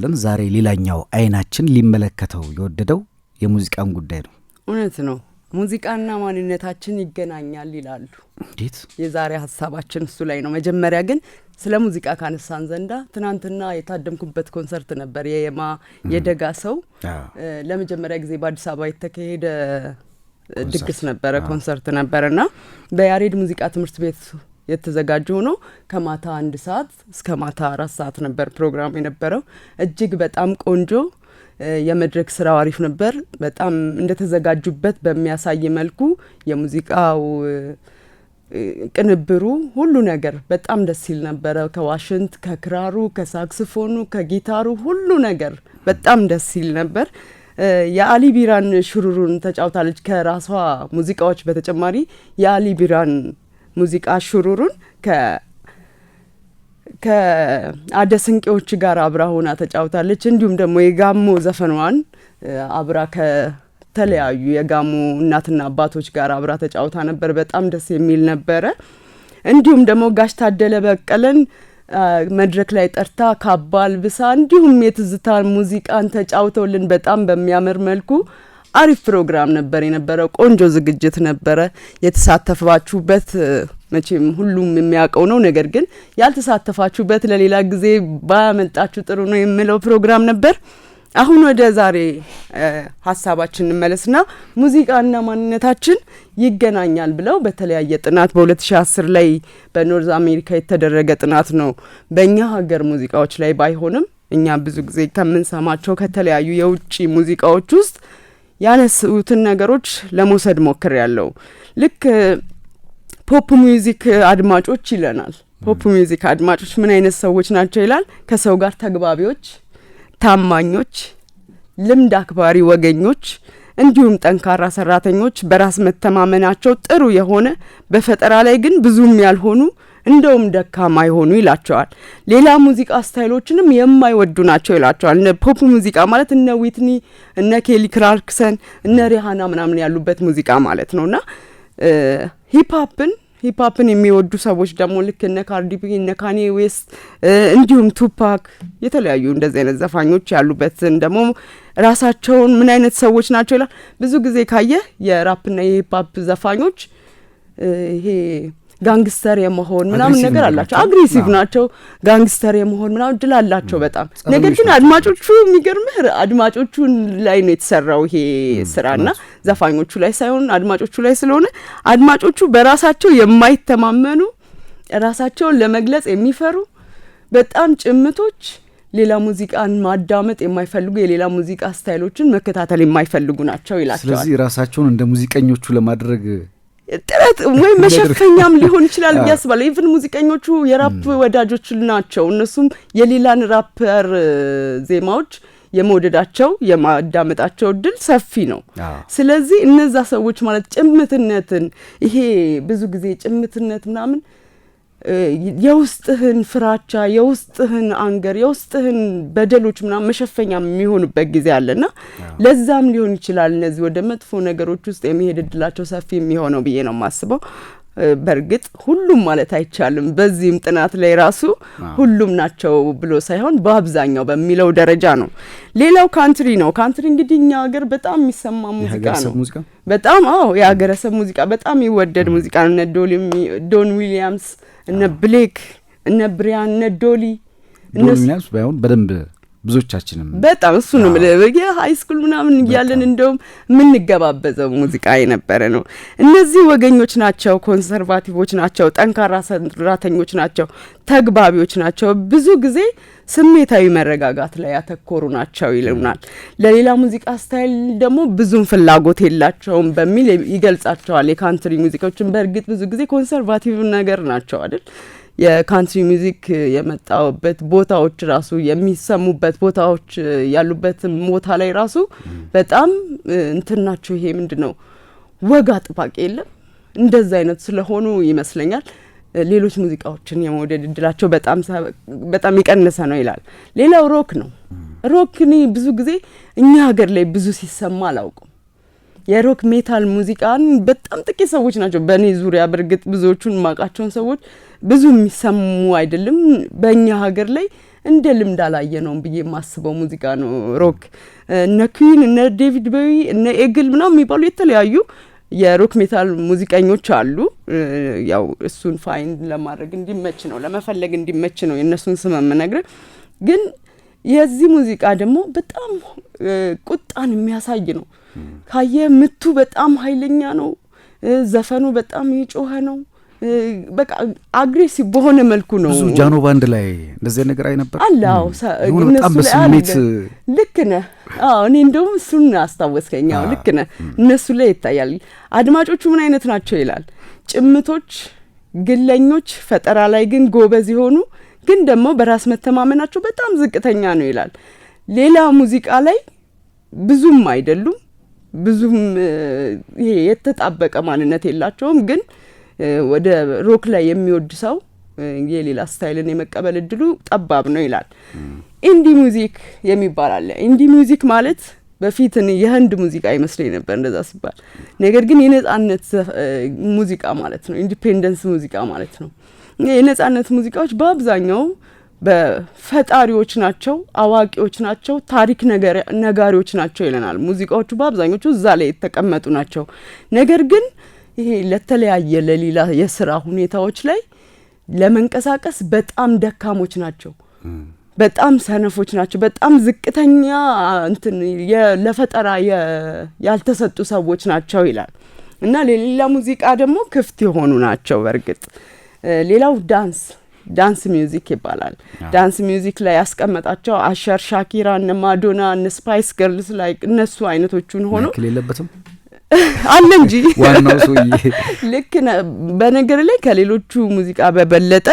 እናነሳለን። ዛሬ ሌላኛው አይናችን ሊመለከተው የወደደው የሙዚቃን ጉዳይ ነው። እውነት ነው። ሙዚቃና ማንነታችን ይገናኛል ይላሉ። እንዴት! የዛሬ ሀሳባችን እሱ ላይ ነው። መጀመሪያ ግን ስለ ሙዚቃ ካነሳን ዘንዳ ትናንትና የታደምኩበት ኮንሰርት ነበር። የየማ የደጋ ሰው ለመጀመሪያ ጊዜ በአዲስ አበባ የተካሄደ ድግስ ነበረ፣ ኮንሰርት ነበርና በያሬድ ሙዚቃ ትምህርት ቤት የተዘጋጀ ሆኖ ከማታ አንድ ሰዓት እስከ ማታ አራት ሰዓት ነበር ፕሮግራም የነበረው። እጅግ በጣም ቆንጆ የመድረክ ስራው አሪፍ ነበር። በጣም እንደተዘጋጁበት በሚያሳይ መልኩ የሙዚቃው ቅንብሩ፣ ሁሉ ነገር በጣም ደስ ሲል ነበረ። ከዋሽንት፣ ከክራሩ፣ ከሳክስፎኑ፣ ከጊታሩ ሁሉ ነገር በጣም ደስ ሲል ነበር። የአሊ ቢራን ሽሩሩን ተጫውታለች። ከራሷ ሙዚቃዎች በተጨማሪ የአሊ ቢራን ሙዚቃ ከአደ ስንቄዎች ጋር አብራ ሆና ተጫውታለች። እንዲሁም ደግሞ የጋሞ ዘፈኗን አብራ ከተለያዩ የጋሞ እናትና አባቶች ጋር አብራ ተጫውታ ነበር። በጣም ደስ የሚል ነበረ። እንዲሁም ደግሞ ጋሽ ታደለ በቀለን መድረክ ላይ ጠርታ ካባ አልብሳ እንዲሁም የትዝታ ሙዚቃን ተጫውተውልን በጣም በሚያምር መልኩ አሪፍ ፕሮግራም ነበር የነበረው። ቆንጆ ዝግጅት ነበረ የተሳተፋችሁበት። መቼም ሁሉም የሚያውቀው ነው። ነገር ግን ያልተሳተፋችሁበት ለሌላ ጊዜ ባመልጣችሁ ጥሩ ነው የምለው ፕሮግራም ነበር። አሁን ወደ ዛሬ ሀሳባችን እንመለስና ሙዚቃና ማንነታችን ይገናኛል ብለው በተለያየ ጥናት በ2010 ላይ በኖርዝ አሜሪካ የተደረገ ጥናት ነው። በእኛ ሀገር ሙዚቃዎች ላይ ባይሆንም እኛ ብዙ ጊዜ ከምንሰማቸው ከተለያዩ የውጭ ሙዚቃዎች ውስጥ ያነሱትን ነገሮች ለመውሰድ ሞክር ያለው ልክ ፖፕ ሚውዚክ አድማጮች ይለናል። ፖፕ ሙዚክ አድማጮች ምን አይነት ሰዎች ናቸው ይላል። ከሰው ጋር ተግባቢዎች፣ ታማኞች፣ ልምድ አክባሪ ወገኞች እንዲሁም ጠንካራ ሰራተኞች፣ በራስ መተማመናቸው ጥሩ የሆነ በፈጠራ ላይ ግን ብዙም ያልሆኑ እንደውም ደካማ የሆኑ ይላቸዋል። ሌላ ሙዚቃ ስታይሎችንም የማይወዱ ናቸው ይላቸዋል። እነ ፖፕ ሙዚቃ ማለት እነ ዊትኒ፣ እነ ኬሊ ክላርክሰን፣ እነ ሪሃና ምናምን ያሉበት ሙዚቃ ማለት ነው እና ሂፓፕን ሂፓፕን የሚወዱ ሰዎች ደግሞ ልክ እነ ካርዲቢ እነ ካኔ ዌስት እንዲሁም ቱፓክ የተለያዩ እንደዚህ አይነት ዘፋኞች ያሉበትን ደግሞ ራሳቸውን ምን አይነት ሰዎች ናቸው ይላል። ብዙ ጊዜ ካየ የራፕና የሂፓፕ ዘፋኞች ይሄ ጋንግስተር የመሆን ምናምን ነገር አላቸው። አግሬሲቭ ናቸው። ጋንግስተር የመሆን ምናምን ድል አላቸው በጣም ነገር ግን አድማጮቹ የሚገርምህ አድማጮቹን ላይ ነው የተሰራው ይሄ ስራና ዘፋኞቹ ላይ ሳይሆን አድማጮቹ ላይ ስለሆነ አድማጮቹ በራሳቸው የማይተማመኑ ራሳቸውን ለመግለጽ የሚፈሩ በጣም ጭምቶች ሌላ ሙዚቃን ማዳመጥ የማይፈልጉ የሌላ ሙዚቃ ስታይሎችን መከታተል የማይፈልጉ ናቸው ይላቸዋል። ስለዚህ ራሳቸውን እንደ ሙዚቀኞቹ ለማድረግ ጥረት ወይም መሸፈኛም ሊሆን ይችላል ብዬ ኢቨን ሙዚቀኞቹ የራፕ ወዳጆች ናቸው። እነሱም የሌላን ራፐር ዜማዎች የመውደዳቸው የማዳመጣቸው እድል ሰፊ ነው። ስለዚህ እነዛ ሰዎች ማለት ጭምትነትን ይሄ ብዙ ጊዜ ጭምትነት ምናምን የውስጥህን ፍራቻ የውስጥህን አንገር የውስጥህን በደሎች ምናምን መሸፈኛ የሚሆኑበት ጊዜ አለና ለዛም ሊሆን ይችላል እነዚህ ወደ መጥፎ ነገሮች ውስጥ የሚሄድ እድላቸው ሰፊ የሚሆነው ብዬ ነው የማስበው። በእርግጥ ሁሉም ማለት አይቻልም። በዚህም ጥናት ላይ ራሱ ሁሉም ናቸው ብሎ ሳይሆን በአብዛኛው በሚለው ደረጃ ነው። ሌላው ካንትሪ ነው። ካንትሪ እንግዲህ እኛ ሀገር በጣም የሚሰማ ሙዚቃ ነው። በጣም አዎ፣ የሀገረሰብ ሙዚቃ በጣም ይወደድ ሙዚቃ ነው። እነ ዶን ዊሊያምስ፣ እነ ብሌክ፣ እነ ብሪያን፣ እነ ዶሊ በደንብ ብዙዎቻችንም በጣም እሱ ነው ምልበግ ስኩል ምናምን እያለን እንደውም የምንገባበዘው ሙዚቃ የነበረ ነው። እነዚህ ወገኞች ናቸው፣ ኮንሰርቫቲቮች ናቸው፣ ጠንካራ ሰራተኞች ናቸው፣ ተግባቢዎች ናቸው፣ ብዙ ጊዜ ስሜታዊ መረጋጋት ላይ ያተኮሩ ናቸው ይሉናል። ለሌላ ሙዚቃ ስታይል ደግሞ ብዙም ፍላጎት የላቸውም በሚል ይገልጻቸዋል። የካንትሪ ሙዚቃዎችን በእርግጥ ብዙ ጊዜ ኮንሰርቫቲቭ ነገር ናቸው አይደል የካንትሪ ሚዚክ የመጣውበት ቦታዎች ራሱ የሚሰሙበት ቦታዎች ያሉበትም ቦታ ላይ ራሱ በጣም እንትን ናቸው። ይሄ ምንድን ነው ወግ አጥባቂ የለም እንደዛ አይነት ስለሆኑ ይመስለኛል ሌሎች ሙዚቃዎችን የመውደድ እድላቸው በጣም የቀነሰ ነው ይላል። ሌላው ሮክ ነው። ሮክ እኔ ብዙ ጊዜ እኛ ሀገር ላይ ብዙ ሲሰማ አላውቅም። የሮክ ሜታል ሙዚቃን በጣም ጥቂት ሰዎች ናቸው በእኔ ዙሪያ በእርግጥ ብዙዎቹን ማቃቸውን ሰዎች ብዙ የሚሰሙ አይደለም። በእኛ ሀገር ላይ እንደ ልምድ አላየ ነውም ብዬ የማስበው ሙዚቃ ነው ሮክ። እነ ኩዊን፣ እነ ዴቪድ በዊ እነ ኤግል ምናም የሚባሉ የተለያዩ የሮክ ሜታል ሙዚቀኞች አሉ። ያው እሱን ፋይን ለማድረግ እንዲመች ነው ለመፈለግ እንዲመች ነው የእነሱን ስም የምነግርህ። ግን የዚህ ሙዚቃ ደግሞ በጣም ቁጣን የሚያሳይ ነው። ካየ ምቱ በጣም ኃይለኛ ነው። ዘፈኑ በጣም የጮኸ ነው። በቃ አግሬሲቭ በሆነ መልኩ ነው። ብዙ ጃኖ ባንድ ላይ እንደዚህ ነገር አይነበር ነበር በጣም በስሜት ልክ ነህ። እኔ እንደውም እሱን አስታወስከኛው። ልክ ነህ። እነሱ ላይ ይታያል። አድማጮቹ ምን አይነት ናቸው ይላል። ጭምቶች፣ ግለኞች፣ ፈጠራ ላይ ግን ጎበዝ የሆኑ ግን ደግሞ በራስ መተማመናቸው በጣም ዝቅተኛ ነው ይላል። ሌላ ሙዚቃ ላይ ብዙም አይደሉም ብዙም ይሄ የተጣበቀ ማንነት የላቸውም። ግን ወደ ሮክ ላይ የሚወድ ሰው የሌላ ስታይልን የመቀበል እድሉ ጠባብ ነው ይላል። ኢንዲ ሙዚክ የሚባል አለ። ኢንዲ ሙዚክ ማለት በፊት የህንድ ሙዚቃ ይመስለኝ ነበር እንደዛ ሲባል፣ ነገር ግን የነጻነት ሙዚቃ ማለት ነው። ኢንዲፔንደንስ ሙዚቃ ማለት ነው። የነጻነት ሙዚቃዎች በአብዛኛው በፈጣሪዎች ናቸው፣ አዋቂዎች ናቸው፣ ታሪክ ነጋሪዎች ናቸው ይለናል። ሙዚቃዎቹ በአብዛኞቹ እዛ ላይ የተቀመጡ ናቸው። ነገር ግን ይሄ ለተለያየ ለሌላ የስራ ሁኔታዎች ላይ ለመንቀሳቀስ በጣም ደካሞች ናቸው፣ በጣም ሰነፎች ናቸው፣ በጣም ዝቅተኛ እንትን ለፈጠራ ያልተሰጡ ሰዎች ናቸው ይላል እና ለሌላ ሙዚቃ ደግሞ ክፍት የሆኑ ናቸው። በእርግጥ ሌላው ዳንስ ዳንስ ሚውዚክ ይባላል። ዳንስ ሚውዚክ ላይ ያስቀመጣቸው አሸር ሻኪራ፣ እነ ማዶና፣ እነ ስፓይስ ገርልስ ላይ እነሱ አይነቶቹን ሆኖ የለበትም አለ እንጂ ዋናው ሰውዬ ልክ በነገር ላይ ከሌሎቹ ሙዚቃ በበለጠ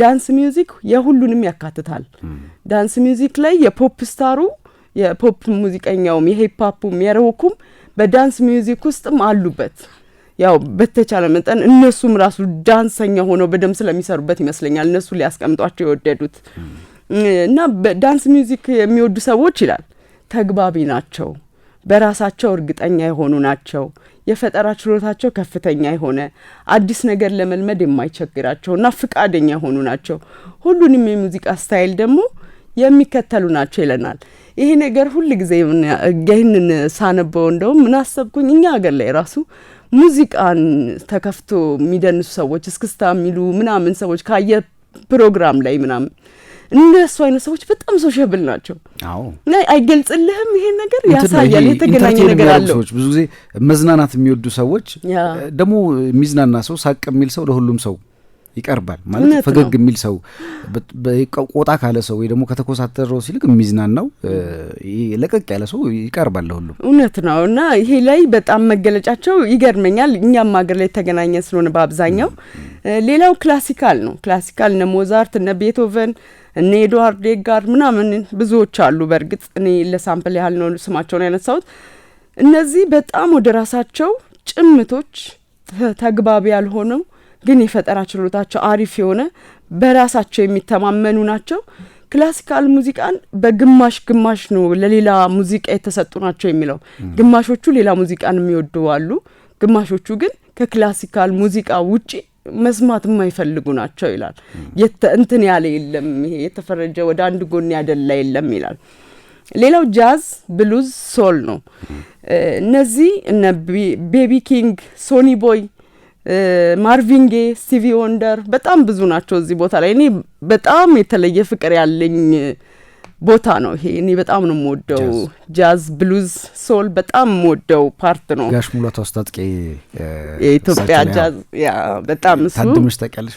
ዳንስ ሚውዚክ የሁሉንም ያካትታል። ዳንስ ሚውዚክ ላይ የፖፕ ስታሩ የፖፕ ሙዚቀኛውም የሂፕ ሆፑም የሮኩም በዳንስ ሚውዚክ ውስጥም አሉበት። ያው በተቻለ መጠን እነሱም ራሱ ዳንሰኛ ሆነው በደንብ ስለሚሰሩበት ይመስለኛል እነሱ ሊያስቀምጧቸው የወደዱት እና በዳንስ ሚውዚክ የሚወዱ ሰዎች ይላል ተግባቢ ናቸው፣ በራሳቸው እርግጠኛ የሆኑ ናቸው፣ የፈጠራ ችሎታቸው ከፍተኛ የሆነ አዲስ ነገር ለመልመድ እና ፍቃደኛ የሆኑ ናቸው። ሁሉንም የሙዚቃ ስታይል ደግሞ የሚከተሉ ናቸው ይለናል። ይሄ ነገር ሁል ጊዜ ይህንን ሳነበው እንደውም ምን አሰብኩኝ እኛ ሀገር ላይ ራሱ ሙዚቃን ተከፍቶ የሚደንሱ ሰዎች እስክስታ የሚሉ ምናምን ሰዎች ካየ ፕሮግራም ላይ ምናምን እነሱ አይነት ሰዎች በጣም ሶሻብል ናቸው። አይገልጽልህም፣ ይሄን ነገር ያሳያል። የተገናኘ ነገር አለው። ብዙ ጊዜ መዝናናት የሚወዱ ሰዎች ደግሞ የሚዝናና ሰው ሳቅ የሚል ሰው ለሁሉም ሰው ይቀርባል ማለት ፈገግ የሚል ሰው ቆጣ ካለ ሰው ወይ ደግሞ ከተኮሳተረው ሲልቅ የሚዝናናው ለቀቅ ያለ ሰው ይቀርባል ለሁሉም። እውነት ነው እና ይሄ ላይ በጣም መገለጫቸው ይገርመኛል። እኛም ሀገር ላይ የተገናኘ ስለሆነ በአብዛኛው ሌላው ክላሲካል ነው። ክላሲካል እነ ሞዛርት እነ ቤቶቨን እነ ኤድዋርድ ኤጋር ምናምን ብዙዎች አሉ። በእርግጥ እኔ ለሳምፕል ያህል ነው ስማቸውን ያነሳሁት። እነዚህ በጣም ወደ ራሳቸው ጭምቶች ተግባቢ ያልሆነው ግን የፈጠራ ችሎታቸው አሪፍ የሆነ በራሳቸው የሚተማመኑ ናቸው። ክላሲካል ሙዚቃን በግማሽ ግማሽ ነው ለሌላ ሙዚቃ የተሰጡ ናቸው የሚለው ግማሾቹ ሌላ ሙዚቃን የሚወዱ አሉ፣ ግማሾቹ ግን ከክላሲካል ሙዚቃ ውጪ መስማት የማይፈልጉ ናቸው ይላል። እንትን ያለ የለም ይሄ የተፈረጀ ወደ አንድ ጎን ያደላ የለም ይላል። ሌላው ጃዝ፣ ብሉዝ፣ ሶል ነው። እነዚህ እነ ቤቢ ኪንግ፣ ሶኒ ቦይ ማርቪንጌ፣ ስቲቪ ወንደር በጣም ብዙ ናቸው እዚህ ቦታ ላይ። እኔ በጣም የተለየ ፍቅር ያለኝ ቦታ ነው ይሄ። እኔ በጣም ነው የምወደው ጃዝ፣ ብሉዝ፣ ሶል በጣም የምወደው ፓርት ነው። ጋሽ ሙላቱ አስታጥቄ የኢትዮጵያ ጃዝ ያ በጣም እሱ ታድምሽ ተቀልሽ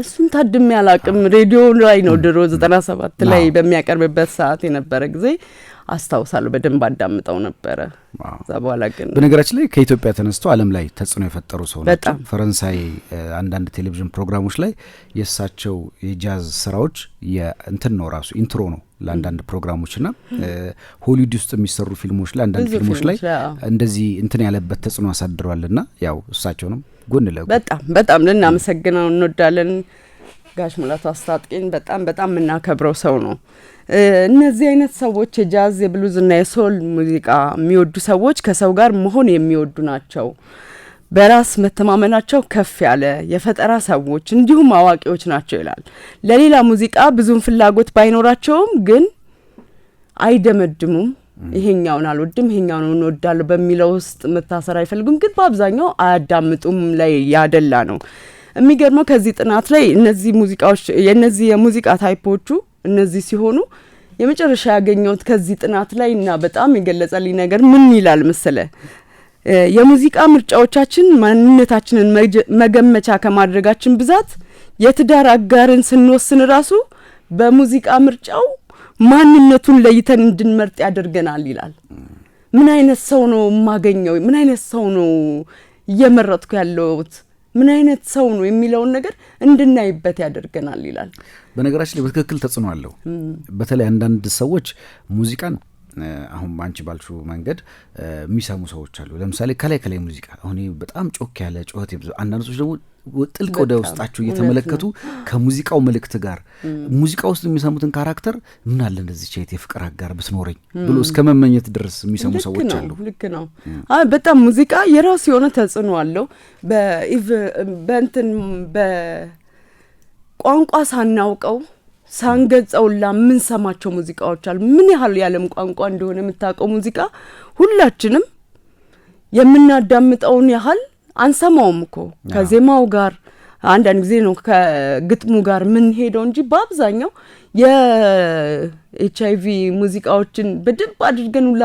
እሱን ታድሜ አላቅም። ሬዲዮ ላይ ነው ድሮ ዘጠና ሰባት ላይ በሚያቀርብበት ሰዓት የነበረ ጊዜ አስታውሳለሁ። በደንብ አዳምጠው ነበረ። እዛ በኋላ ግን በነገራችን ላይ ከኢትዮጵያ ተነስቶ ዓለም ላይ ተጽዕኖ የፈጠሩ ሰው ናቸው። ፈረንሳይ አንዳንድ ቴሌቪዥን ፕሮግራሞች ላይ የእሳቸው የጃዝ ስራዎች የእንትን ነው ራሱ ኢንትሮ ነው ለአንዳንድ ፕሮግራሞች ና ሆሊውድ ውስጥ የሚሰሩ ፊልሞች ላይ አንዳንድ ፊልሞች ላይ እንደዚህ እንትን ያለበት ተጽዕኖ አሳድሯል። ና ያው እሳቸውንም ጎን ለጎን በጣም በጣም ልናመሰግነው እንወዳለን። ጋሽ ሙላቱ አስታጥቄን በጣም በጣም የምናከብረው ሰው ነው። እነዚህ አይነት ሰዎች የጃዝ ና የሶል ሙዚቃ የሚወዱ ሰዎች ከሰው ጋር መሆን የሚወዱ ናቸው። በራስ መተማመናቸው ከፍ ያለ የፈጠራ ሰዎች እንዲሁም አዋቂዎች ናቸው ይላል። ለሌላ ሙዚቃ ብዙም ፍላጎት ባይኖራቸውም ግን አይደመድሙም። ይሄኛውን አልወድም፣ ይሄኛውን እንወዳለሁ በሚለው ውስጥ መታሰር አይፈልጉም። ግን በአብዛኛው አያዳምጡም ላይ ያደላ ነው። የሚገርመው ከዚህ ጥናት ላይ እነዚህ ሙዚቃዎች የእነዚህ የሙዚቃ ታይፖቹ እነዚህ ሲሆኑ የመጨረሻ ያገኘሁት ከዚህ ጥናት ላይ እና በጣም የገለጸልኝ ነገር ምን ይላል መሰለ፣ የሙዚቃ ምርጫዎቻችን ማንነታችንን መገመቻ ከማድረጋችን ብዛት የትዳር አጋርን ስንወስን ራሱ በሙዚቃ ምርጫው ማንነቱን ለይተን እንድንመርጥ ያደርገናል ይላል። ምን አይነት ሰው ነው የማገኘው? ምን አይነት ሰው ነው እየመረጥኩ ያለሁት ምን አይነት ሰው ነው የሚለውን ነገር እንድናይበት ያደርገናል ይላል። በነገራችን ላይ በትክክል ተጽዕኖ አለው። በተለይ አንዳንድ ሰዎች ሙዚቃን አሁን በአንቺ ባልሹ መንገድ የሚሰሙ ሰዎች አሉ። ለምሳሌ ከላይ ከላይ ሙዚቃ አሁን በጣም ጮክ ያለ ጩኸት፣ አንዳንድ ሰዎች ደግሞ ጥልቅ ወደ ውስጣችሁ እየተመለከቱ ከሙዚቃው መልእክት ጋር ሙዚቃ ውስጥ የሚሰሙትን ካራክተር ምን አለ እንደዚህ ቻይት የፍቅር አጋር ብትኖረኝ ብሎ እስከ መመኘት ድረስ የሚሰሙ ሰዎች አሉ። ልክ ነው። በጣም ሙዚቃ የራሱ የሆነ ተጽዕኖ አለው። በኢቭ በእንትን በቋንቋ ሳናውቀው ሳንገልጸውላ የምንሰማቸው ሙዚቃዎች አሉ። ምን ያህል የዓለም ቋንቋ እንደሆነ የምታውቀው ሙዚቃ ሁላችንም የምናዳምጠውን ያህል አንሰማውም እኮ ከዜማው ጋር አንዳንድ ጊዜ ነው ከግጥሙ ጋር የምንሄደው እንጂ በአብዛኛው የኤች አይቪ ሙዚቃዎችን በደንብ አድርገን ሁላ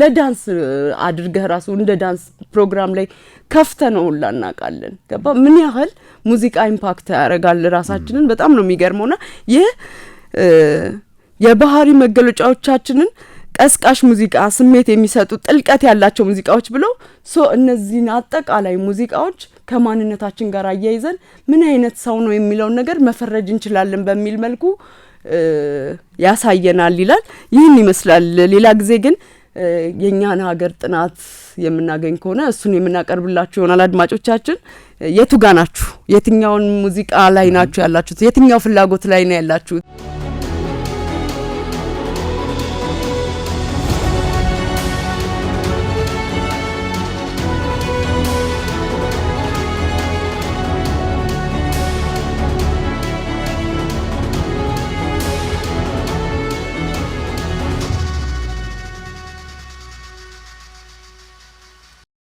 ለዳንስ አድርገህ ራሱ እንደ ዳንስ ፕሮግራም ላይ ከፍተ ነው ሁላ እናውቃለን። ገባ ምን ያህል ሙዚቃ ኢምፓክት ያደርጋል ራሳችንን በጣም ነው የሚገርመውና ይህ የባህሪ መገለጫዎቻችንን ቀስቃሽ ሙዚቃ፣ ስሜት የሚሰጡ ጥልቀት ያላቸው ሙዚቃዎች ብሎ ሶ እነዚህን አጠቃላይ ሙዚቃዎች ከማንነታችን ጋር አያይዘን ምን አይነት ሰው ነው የሚለውን ነገር መፈረጅ እንችላለን በሚል መልኩ ያሳየናል ይላል። ይህን ይመስላል። ሌላ ጊዜ ግን የእኛን ሀገር ጥናት የምናገኝ ከሆነ እሱን የምናቀርብላችሁ ይሆናል። አድማጮቻችን የቱ ጋ ናችሁ? የትኛውን ሙዚቃ ላይ ናችሁ ያላችሁት? የትኛው ፍላጎት ላይ ነው ያላችሁት?